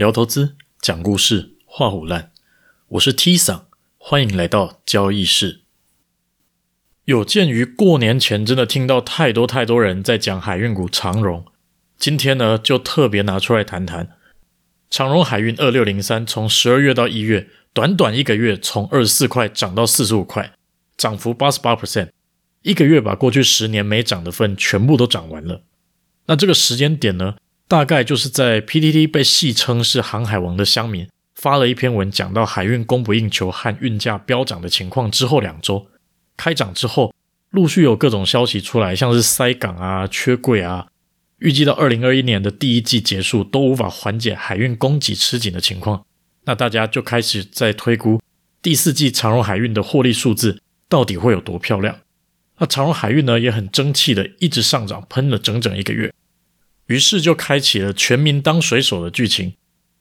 聊投資，講故事，話虎爛，我是 T 桑，歡迎來到交易室。有鑑於過年前真的聽到太多太多人在講海運股長榮，今天呢就特別拿出來談談長榮海運二六零三，從十二月到一月，短短一個月從二十四塊漲到四十五塊，漲幅八十八 percent，一個月把過去十年沒漲的份全部都漲完了。那這個時間點呢？大概就是在 PTT 被戲稱是“航海王”的鄉民發了一篇文，講到海運供不應求和運價飆漲的情況之後兩周，開漲之後，陸續有各種消息出來，像是塞港啊、缺櫃啊，預計到二零二一年的第一季結束都無法緩解海運供給吃緊的情況，那大家就開始在推估第四季長榮海運的獲利數字到底會有多漂亮。那長榮海運呢也很爭氣的一直上漲，噴了整整一個月。於是就開啟了全民當水手的劇情，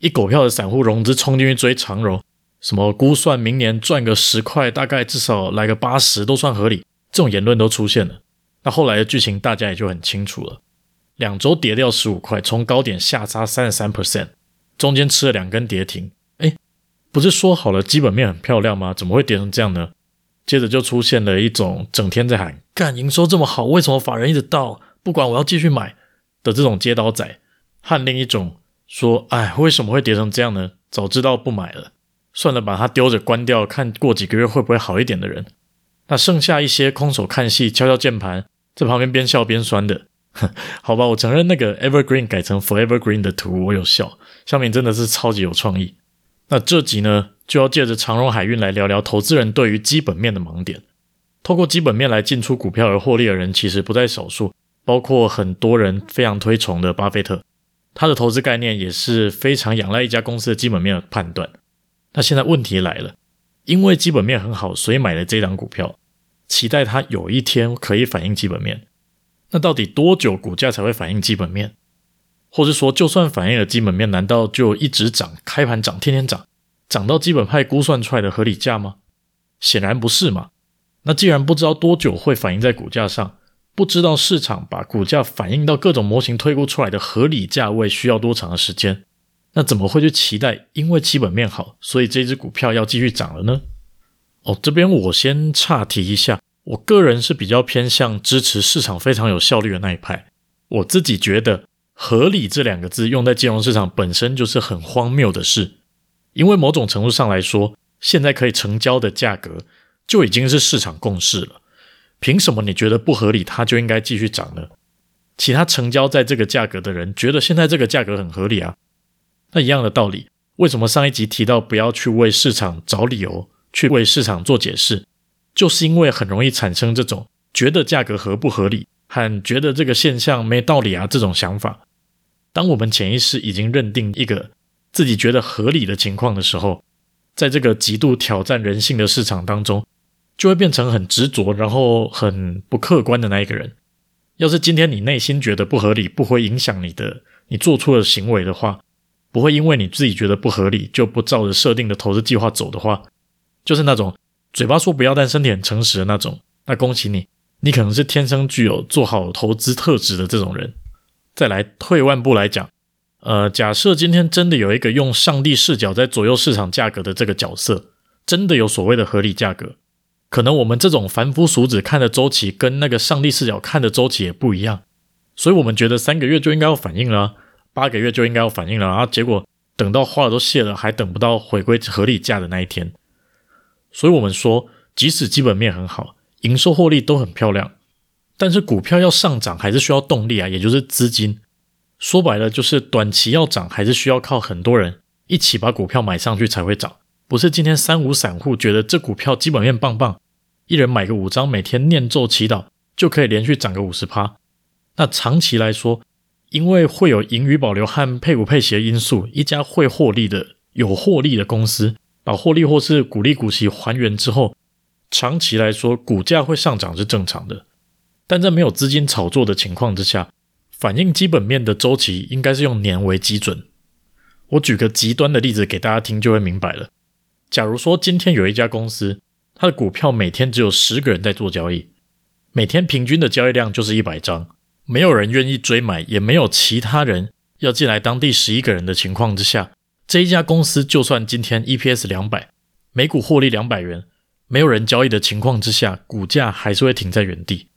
一狗票的散戶融資衝進去追長榮，什麼估算明年賺個十塊，大概至少來個八十都算合理，這種言論都出現了。那後來的劇情大家也就很清楚了，兩周跌掉十五塊，從高點下殺三十三 percent，中間吃了兩根跌停。哎，不是說好了基本面很漂亮嗎？怎麼會跌成這樣呢？接着就出現了一種整天在喊幹，幹營收這麼好，為什麼法人一直倒？不管，我要繼續買。的這種接刀仔，和另一種說，哎，為什麼會跌成這樣呢？早知道不買了，算了，把它丟着關掉，看過幾個月會不會好一點的人。那剩下一些空手看戲、敲敲鍵盤，在旁邊邊笑邊酸的，哼，好吧，我承認那個 Evergreen 改成 Forevergreen 的圖，我有笑，下面真的是超級有創意。那這集呢，就要借着長榮海運來聊聊投資人對於基本面的盲點。透過基本面來進出股票而獲利的人，其實不在少數。包括很多人非常推崇的巴菲特，他的投資概念，也是非常仰賴一家公司的基本面的判斷。那現在問題來了，因為基本面很好，所以買了這檔股票，期待它有一天可以反映基本面。那到底多久股價才會反映基本面？或是說，就算反映了基本面，難道就一直漲，開盤漲，天天漲，漲到基本派估算出來的合理價嗎？顯然不是嘛。那既然不知道多久會反映在股價上。不知道市場把股價反映到各種模型推估出來的合理價位需要多長的時間？那怎麼會去期待，因為基本面好，所以這隻股票要繼續漲了呢？哦，這邊我先岔題一下，我個人是比較偏向支持市場非常有效率的那一派。我自己覺得“合理”這兩個字用在金融市場本身就是很荒謬的事，因為某種程度上來說，現在可以成交的價格就已經是市場共識了。憑什麼你覺得不合理，它就應該繼續漲呢？其他成交在這個價格的人覺得現在這個價格很合理啊。那一樣的道理，為什麼上一集提到不要去為市場找理由，去為市場做解釋，就是因為很容易產生這種覺得價格合不合理，和覺得這個現象沒道理啊這種想法。當我們潛意識已經認定一個自己覺得合理的情況的時候，在這個極度挑戰人性的市場當中，就會變成很執着，然後很不客觀的那一個人。要是今天你內心覺得不合理，不會影響你的你做出的行為的話，不會因為你自己覺得不合理就不照着設定的投資計劃走的話，就是那種嘴巴說不要，但身體很誠實的那種。那恭喜你，你可能是天生具有做好投資特質的這種人。再來退一萬步來講，呃，假設今天真的有一個用上帝視角在左右市場價格的這個角色，真的有所謂的合理價格。可能我們這種凡夫俗子看的周期，跟那個上帝視角看的周期也不一樣，所以我們覺得三個月就應該要反應了啊，八個月就應該要反應了，然後結果等到花都謝了，還等不到回歸合理價的那一天。所以我們說，即使基本面很好，營收獲利都很漂亮，但是股票要上漲還是需要動力啊，也就是資金。說白了，就是短期要漲，還是需要靠很多人一起把股票買上去才會漲，不是今天三五散戶覺得這股票基本面棒棒。一人買個五張，每天念咒祈禱，就可以連續漲個五十趴。那長期來說，因為會有盈餘保留和配股配息的因素，一家會獲利的、有獲利的公司，把獲利或是股利股息還原之後，長期來說股價會上漲是正常的。但在沒有資金炒作的情況之下，反映基本面的週期應該是用年為基準。我舉個極端的例子給大家聽，就會明白了。假如說今天有一家公司。他的股票每天只有十個人在做交易，每天平均的交易量就是一百張，沒有人願意追買，也沒有其他人要進來當第十一個人的情況之下，這一家公司就算今天 EPS 兩百，每股獲利兩百元，沒有人交易的情況之下，股價還是會停在原地，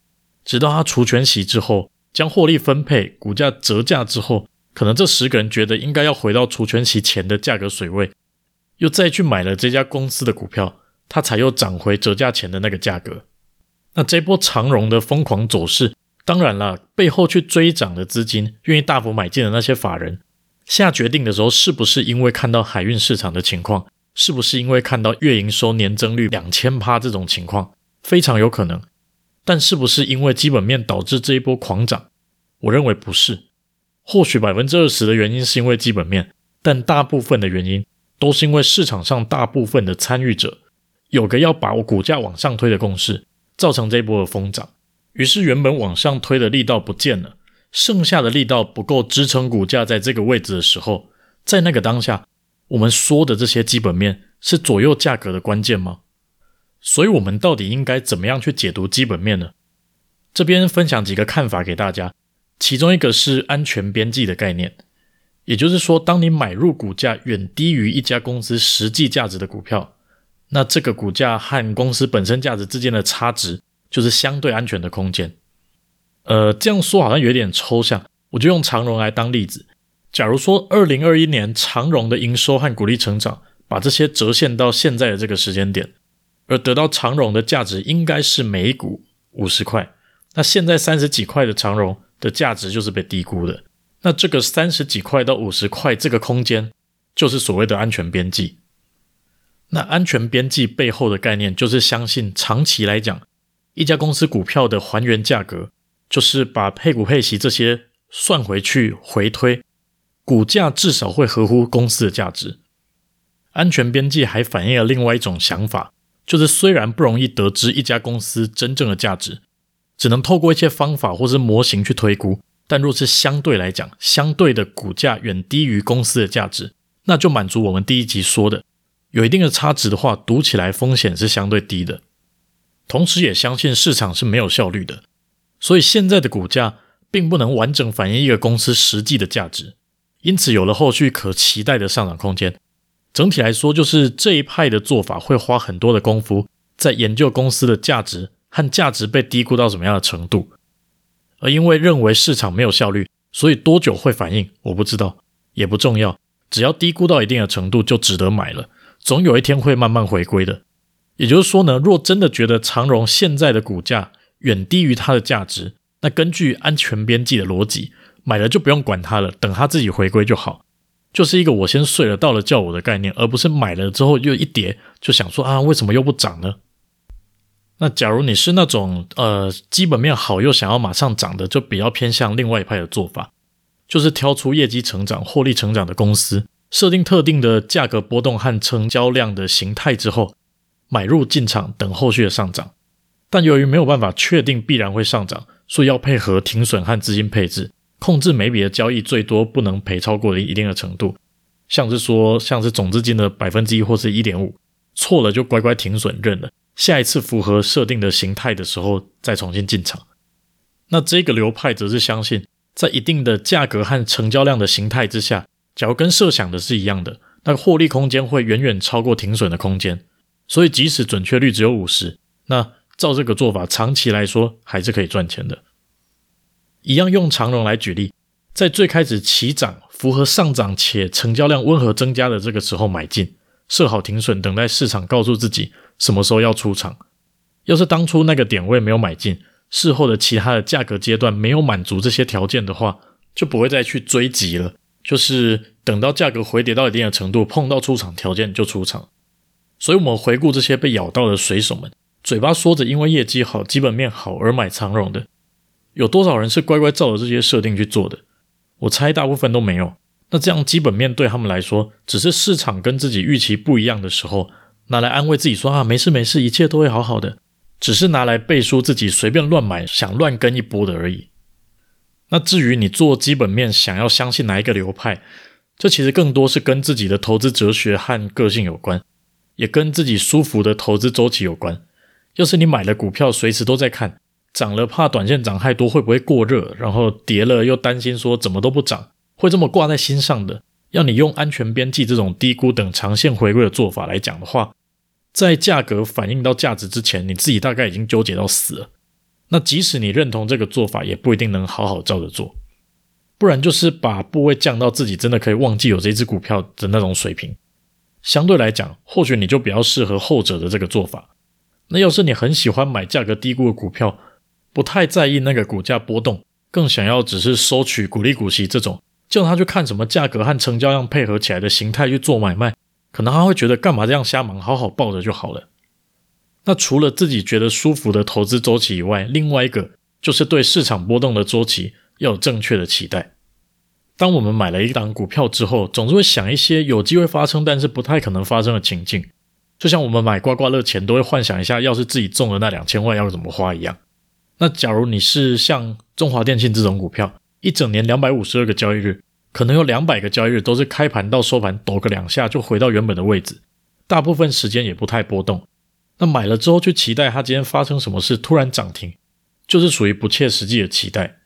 直到他除權息之後，將獲利分配，股價折價之後，可能這十個人覺得應該要回到除權息前的價格水位，又再去買了這家公司的股票。它才又漲回折價前的那個價格。那這波長榮的瘋狂走勢，當然了，背後去追漲的資金，願意大幅買進的那些法人，下決定的時候，是不是因為看到海運市場的情況？是不是因為看到月營收年增率兩千趴這種情況，非常有可能。但是不是因為基本面導致這一波狂漲？我認為不是。或許百分之二十的原因是因為基本面，但大部分的原因都是因為市場上大部分的參與者。有個要把我股價往上推的共識，造成這波的瘋漲。於是原本往上推的力道不見了，剩下的力道不夠支撐股價在這個位置的時候，在那個當下，我們說的這些基本面是左右價格的關鍵嗎？所以我們到底應該怎麼樣去解讀基本面呢？這邊分享幾個看法給大家，其中一個是安全邊際的概念，也就是說，當你買入股價遠低於一家公司實際價值的股票。那這個股價和公司本身價值之間的差值，就是相對安全的空間。呃，這樣說好像有點抽象，我就用長榮來當例子。假如說，二零二一年長榮的營收和股利成長，把這些折現到現在的這個時間點，而得到長榮的價值應該是每股五十塊。那現在三十幾塊的長榮的價值就是被低估的。那這個三十幾塊到五十塊這個空間，就是所謂的安全邊際。那安全邊際背後的概念，就是相信長期來講，一家公司股票的還原價格，就是把配股、配息這些算回去，回推，股價至少會合乎公司的價值。安全邊際還反映了另外一種想法，就是雖然不容易得知一家公司真正的價值，只能透過一些方法或是模型去推估，但若是相對來講，相對的股價遠低於公司的價值，那就滿足我們第一集說的。有一定的差值的話，讀起來風險是相對低的，同時也相信市場是沒有效率的，所以現在的股價並不能完整反映一個公司實際的價值，因此有了後續可期待的上漲空間。整體來說，就是這一派的做法會花很多的功夫在研究公司的價值和價值被低估到什麼樣的程度，而因為認為市場沒有效率，所以多久會反應我不知道，也不重要，只要低估到一定的程度就值得買了。總有一天會慢慢回歸的，也就是說呢，若真的覺得長榮現在的股價遠低於它的價值，那根據安全邊際的邏輯，買了就不用管它了，等它自己回歸就好，就是一個我先睡了，到了叫我的概念，而不是買了之後又一跌就想說啊，為什麼又不漲呢？那假如你是那種呃基本面好又想要馬上漲的，就比較偏向另外一派的做法，就是挑出業績成長、獲利成長的公司。設定特定的價格波動和成交量的形態之後，買入進場等後續的上漲，但由於沒有辦法確定必然會上漲，所以要配合停損和資金配置，控制每筆的交易最多不能賠超過一定的程度，像是說像是總資金的百分之一或是一點五，錯了就乖乖停損認了，下一次符合設定的形態的時候再重新進場。那這個流派則是相信在一定的價格和成交量的形態之下。假如跟設想的是一樣的，那個獲利空間會遠遠超過停損的空間，所以即使準確率只有五十，那照這個做法，長期來說還是可以賺錢的。一樣用長榮來舉例，在最開始起漲符合上漲且成交量溫和增加的這個時候買進，設好停損，等待市場告訴自己什麼時候要出場。要是當初那個點位沒有買進，事後的其他的價格階段沒有滿足這些條件的話，就不會再去追擊了。就是等到價格回跌到一定的程度，碰到出場條件就出場。所以，我們回顧這些被咬到的水手們，嘴巴說着因為業績好、基本面好而買長榮的，有多少人是乖乖照着這些設定去做的？我猜大部分都沒有。那這樣，基本面對他們來說，只是市場跟自己預期不一樣的時候，拿來安慰自己說啊，沒事沒事，一切都會好好的，只是拿來背書自己隨便亂買、想亂跟一波的而已。那至於你做基本面，想要相信哪一個流派，這其實更多是跟自己的投資哲學和個性有關，也跟自己舒服的投資周期有關。要是你買了股票，隨時都在看，漲了怕短線漲太多會不會過熱，然後跌了又擔心說怎麼都不漲，會這麼掛在心上的。要你用安全邊際這種低估等長線回歸的做法來講的話，在價格反映到價值之前，你自己大概已經糾結到死了。那即使你認同這個做法，也不一定能好好照着做，不然就是把部位降到自己真的可以忘記有這隻股票的那種水平。相對來講，或許你就比較適合後者的這個做法。那要是你很喜歡買價格低估的股票，不太在意那個股價波動，更想要只是收取股利股息這種，叫他去看什麼價格和成交量配合起來的形態去做買賣，可能他會覺得幹嘛這樣瞎忙，好好抱着就好了。那除了自己覺得舒服的投資週期以外，另外一個就是對市場波動的週期要有正確的期待。當我們買了一檔股票之後，總是會想一些有機會發生但是不太可能發生的情境，就像我們買刮刮樂前都會幻想一下，要是自己中了那兩千萬要怎麼花一樣。那假如你是像中華電信這種股票，一整年兩百五十二個交易日，可能有兩百個交易日都是開盤到收盤抖個兩下就回到原本的位置，大部分時間也不太波動。那買了之後去期待它今天發生什麼事突然漲停，就是屬於不切實際的期待。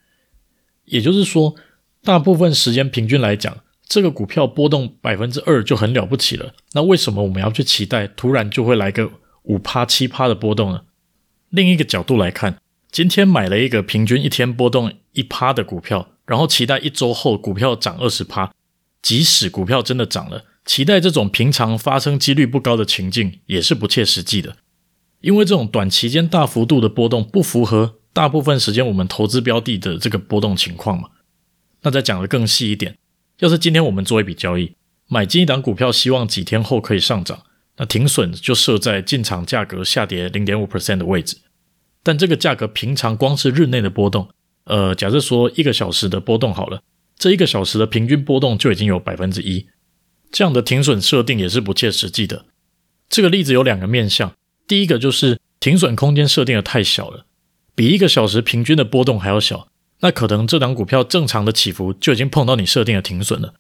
也就是說，大部分時間平均來講，這個股票波動百分之二就很了不起了。那為什麼我們要去期待突然就會來個五趴七趴的波動呢？另一個角度來看，今天買了一個平均一天波動一趴的股票，然後期待一週後股票漲二十趴，即使股票真的漲了。期待這種平常發生幾率不高的情境也是不切實際的，因為這種短期間大幅度的波動不符合大部分時間我們投資標的的這個波動情況嘛。那再講得更細一點，要是今天我們做一筆交易，買進一檔股票，希望幾天後可以上漲，那停損就設在進場價格下跌零點五 percent 的位置。但這個價格平常光是日內的波動，呃，假設說一個小時的波動好了，這一個小時的平均波動就已經有百分之一。這樣的停損設定也是不切實際的。這個例子有兩個面向，第一個就是停損空間設定的太小了，比一個小時平均的波動還要小，那可能這檔股票正常的起伏就已經碰到你設定的停損了。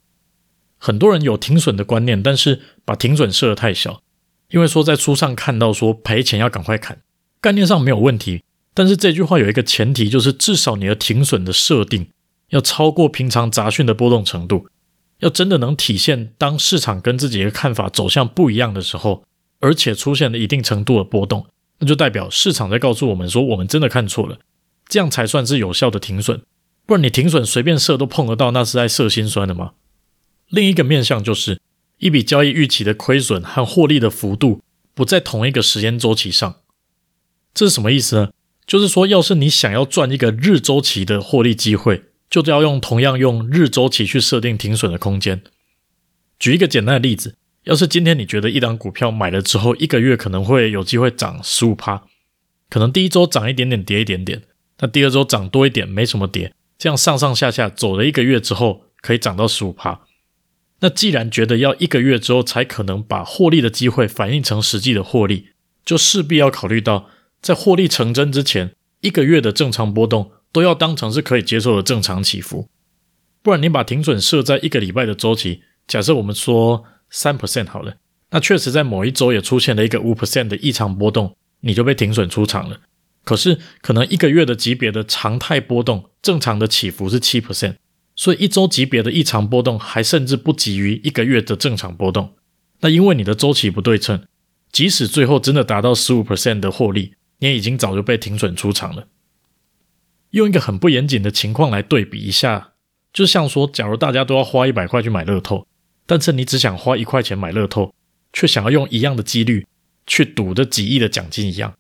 很多人有停損的觀念，但是把停損設得太小，因為說在書上看到說賠錢要趕快砍，概念上沒有問題，但是這句話有一個前提，就是至少你的停損的設定要超過平常雜訊的波動程度。要真的能體現，當市場跟自己的看法走向不一樣的時候，而且出現了一定程度的波動，那就代表市場在告訴我們說，我們真的看錯了，這樣才算是有效的停損。不然你停損隨便設都碰得到，那是在設心酸的嗎？另一個面向就是，一筆交易預期的虧損和獲利的幅度不在同一個時間週期上，這是什麼意思呢？就是說，要是你想要賺一個日週期的獲利機會。就是要用同樣用日周期去設定停損的空間。舉一個簡單的例子，要是今天你覺得一檔股票買了之後一個月可能會有機會漲十五趴，可能第一周漲一點點跌一點點，那第二周漲多一點沒什麼跌，這樣上上下下走了一個月之後可以漲到十五趴。那既然覺得要一個月之後才可能把獲利的機會反映成實際的獲利，就勢必要考慮到在獲利成真之前一個月的正常波動，都要當成是可以接受的正常起伏，不然你把停損設在一個禮拜的周期，假設我們說三 percent 好了，那確實在某一周也出現了一個五 percent 的異常波動，你就被停損出場了。可是可能一個月的級別的常態波動，正常的起伏是七 percent，所以一周級別的異常波動還甚至不及於一個月的正常波動。那因為你的周期不對稱，即使最後真的達到十五 percent 的獲利，你也已經早就被停損出場了。用一個很不嚴謹的情況來對比一下，就像說，假如大家都要花一百塊去買樂透，但是你只想花一塊錢買樂透，卻想要用一樣的幾率去賭這幾億的獎金一樣，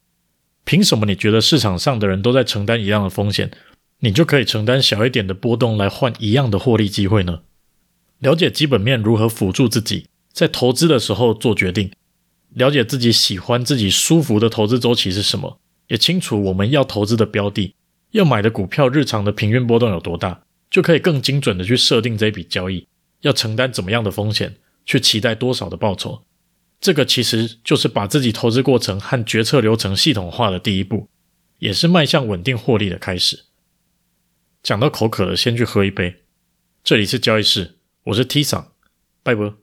憑什麼你覺得市場上的人都在承擔一樣的風險，你就可以承擔小一點的波動來換一樣的獲利機會呢？了解基本面如何輔助自己，在投資的時候做決定，了解自己喜歡、自己舒服的投資週期是什麼，也清楚我們要投資的標的。要買的股票日常的平均波動有多大，就可以更精準的去設定這一筆交易，要承擔怎麼樣的風險，去期待多少的報酬。這個其實就是把自己投資過程和決策流程系統化的第一步，也是邁向穩定獲利的開始。講到口渴了，先去喝一杯。這裡是交易事，我是 T 桑，拜拜。